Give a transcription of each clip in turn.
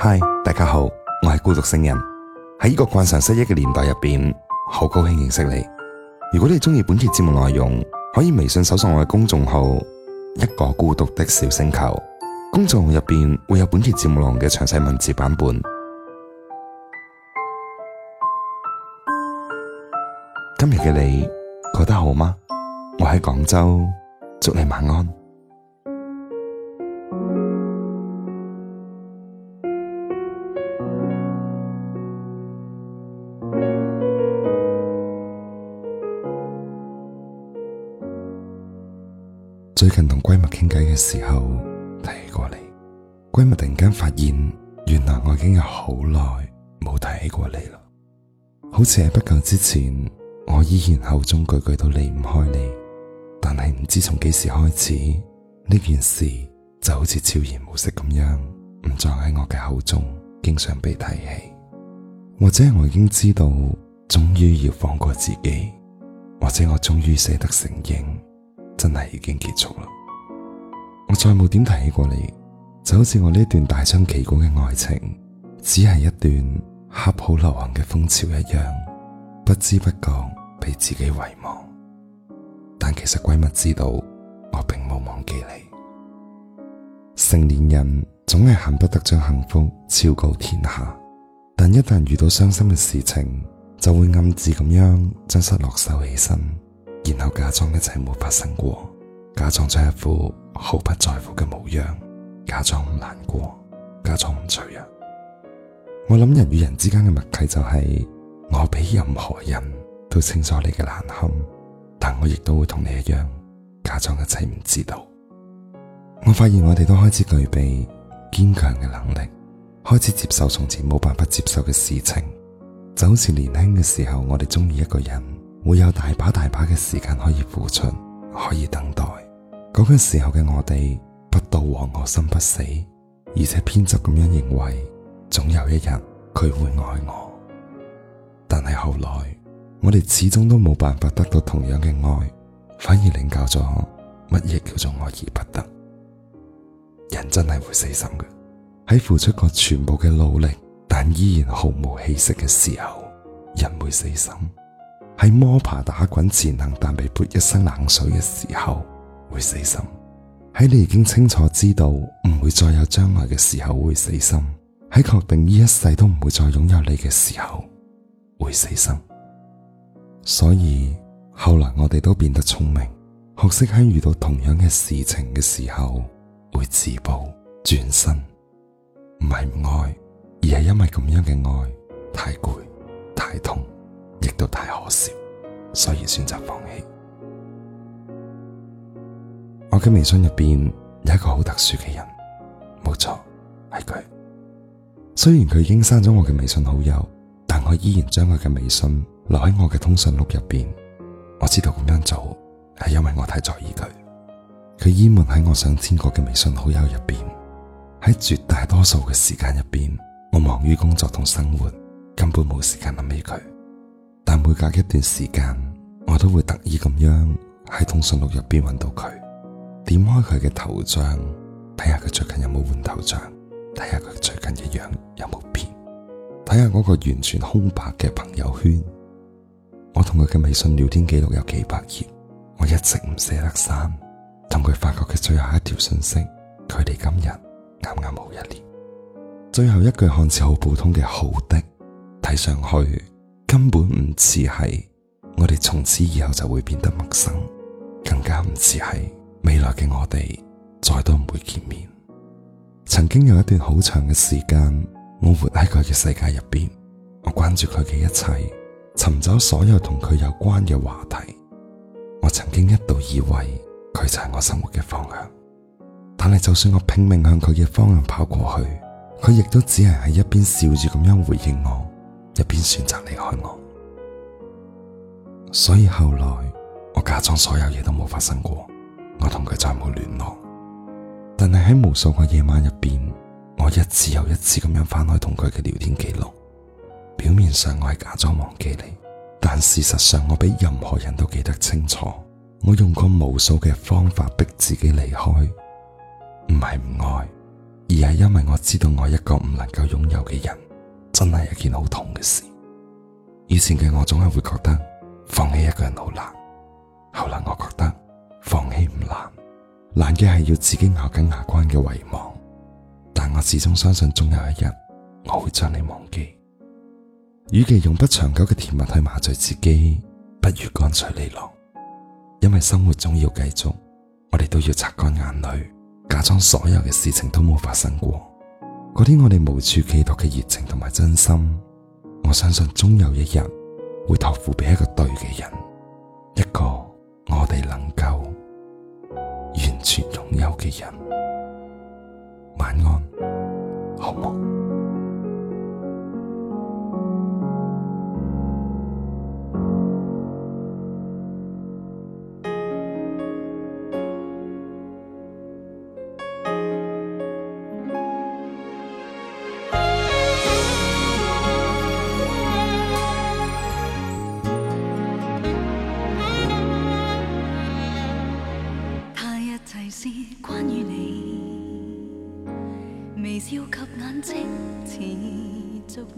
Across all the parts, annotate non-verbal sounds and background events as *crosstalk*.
嗨，Hi, 大家好，我係孤獨星人。喺呢個慣常失憶嘅年代入邊，好高興認識你。如果你中意本期節目內容，可以微信搜索我嘅公眾號一個孤獨的小星球。公眾號入邊會有本期節目內容嘅詳細文字版本。今日嘅你過得好嗎？我喺廣州，祝你晚安。最近同閨蜜傾偈嘅時候提起過你，閨蜜突然間發現，原來我已經有好耐冇提起過你啦。好似喺不久之前，我依然口中句句都離唔開你，但係唔知從幾時開始，呢件事就好似悄然無息咁樣唔再喺我嘅口中經常被提起。或者我已經知道，終於要放過自己，或者我終於捨得承認。真係已經結束啦！我再冇點提起過你，就好似我呢段大張旗鼓嘅愛情，只係一段恰好流行嘅風潮一樣，不知不覺被自己遺忘。但其實閨蜜知道，我並冇忘記你。成年人總係恨不得將幸福昭告天下，但一旦遇到傷心嘅事情，就會暗自咁樣將失落收起身。然後假裝一切冇發生過，假裝咗一副毫不在乎嘅模樣，假裝唔難過，假裝唔脆弱。我諗人與人之間嘅默契就係，我比任何人都清楚你嘅難堪，但我亦都會同你一樣，假裝一切唔知道。我發現我哋都開始具備堅強嘅能力，開始接受從前冇辦法接受嘅事情，就好似年輕嘅時候，我哋中意一個人。會有大把大把嘅時間可以付出，可以等待。嗰個時候嘅我哋，不到黃河心不死，而且偏執咁樣認為，總有一日佢會愛我。但係後來，我哋始終都冇辦法得到同樣嘅愛，反而領教咗乜嘢叫做愛而不得。人真係會死心嘅，喺付出過全部嘅努力，但依然毫無起色嘅時候，人會死心。喺摸爬打滾前行，但被潑一身冷水嘅時候會死心；喺你已經清楚知道唔會再有將來嘅時候會死心；喺確定呢一世都唔會再擁有你嘅時候會死心。所以後來我哋都變得聰明，學識喺遇到同樣嘅事情嘅時候會自保轉身，唔係唔愛，而係因為咁樣嘅愛太攰太痛。極度太可笑，所以選擇放棄。我嘅微信入邊有一個好特殊嘅人，冇錯係佢。雖然佢已經刪咗我嘅微信好友，但我依然將佢嘅微信留喺我嘅通訊錄入邊。我知道咁樣做係因為我太在意佢。佢隱瞞喺我上千個嘅微信好友入邊，喺絕大多數嘅時間入邊，我忙於工作同生活，根本冇時間諗起佢。但每隔一段時間，我都會特意咁樣喺通訊錄入邊揾到佢，點開佢嘅頭像，睇下佢最近有冇換頭像，睇下佢最近嘅樣有冇變，睇下嗰個完全空白嘅朋友圈。我同佢嘅微信聊天記錄有幾百頁，我一直唔捨得刪。同佢發覺嘅最後一條信息，佢哋今日啱啱好一年，最後一句看似好普通嘅好的，睇上去。根本唔似係我哋從此以後就會變得陌生，更加唔似係未來嘅我哋再都唔會見面。曾經有一段好長嘅時間，我活喺佢嘅世界入邊，我關注佢嘅一切，尋找所有同佢有關嘅話題。我曾經一度以為佢就係我生活嘅方向，但係就算我拼命向佢嘅方向跑過去，佢亦都只係喺一邊笑住咁樣回應我，一邊選擇離開我，所以後來我假裝所有嘢都冇發生過，我同佢再冇聯絡。但係喺無數個夜晚入邊，我一次又一次咁樣翻開同佢嘅聊天記錄。表面上我係假裝忘記你，但事實上我比任何人都記得清楚。我用過無數嘅方法逼自己離開，唔係唔愛，而係因為我知道我一個唔能夠擁有嘅人。真係一件好痛嘅事。以前嘅我總係會覺得放棄一個人好難，後來我覺得放棄唔難，難嘅係要自己咬緊牙關嘅遺忘。但我始終相信，總有一日我會將你忘記。與其用不長久嘅甜蜜去麻醉自己，不如乾脆利落，因為生活總要繼續，我哋都要擦乾眼淚，假裝所有嘅事情都冇發生過。嗰啲我哋無處寄託嘅熱情同埋真心，我相信終有一日會託付俾一個對嘅人，一個我哋能夠完全擁有嘅人。晚安，好夢。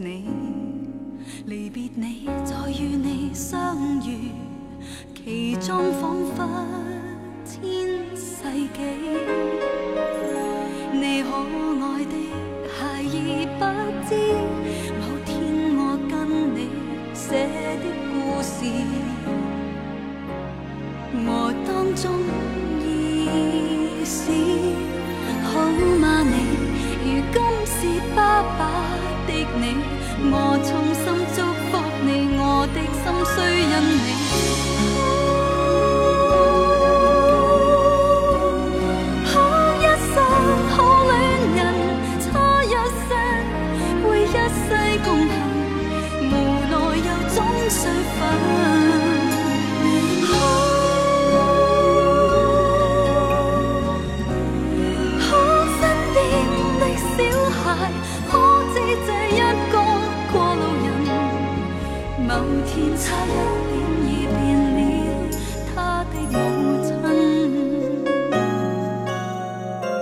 你離別你，再與你相遇，其中彷彿千世紀。你可愛的孩兒不知，某天我跟你寫的故事，我當中。我從心中。有天差一點已變了他的母親，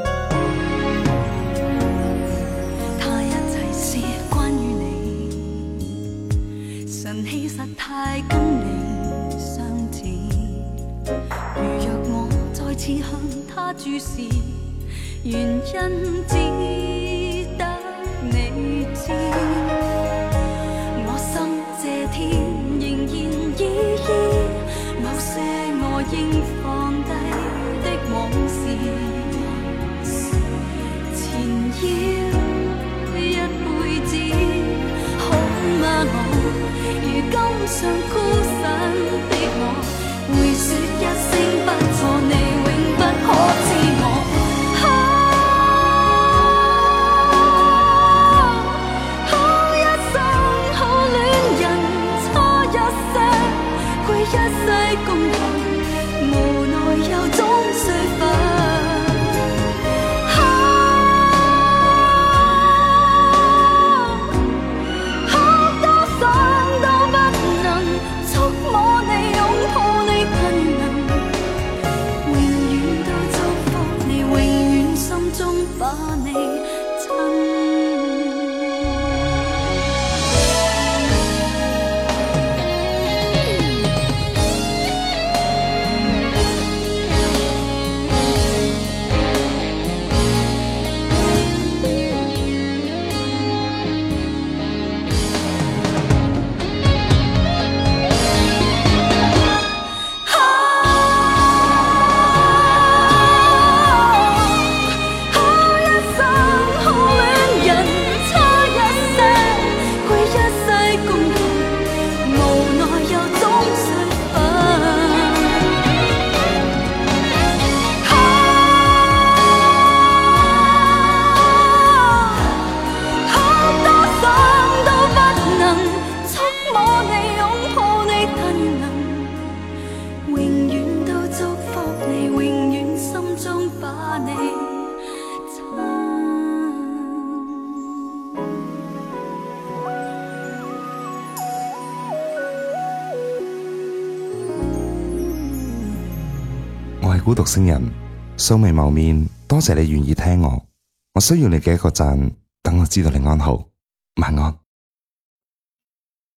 *music* 他一切是關於你，神氣實太跟你相似。如若我再次向他注視，原因只得你知。應放低的往事，纏繞一輩子，好嗎？啊？我如今尚孤身的我，會說一聲不錯你。孤獨星人，素未謀面，多謝你願意聽我。我需要你嘅一個讚，等我知道你安好。晚安。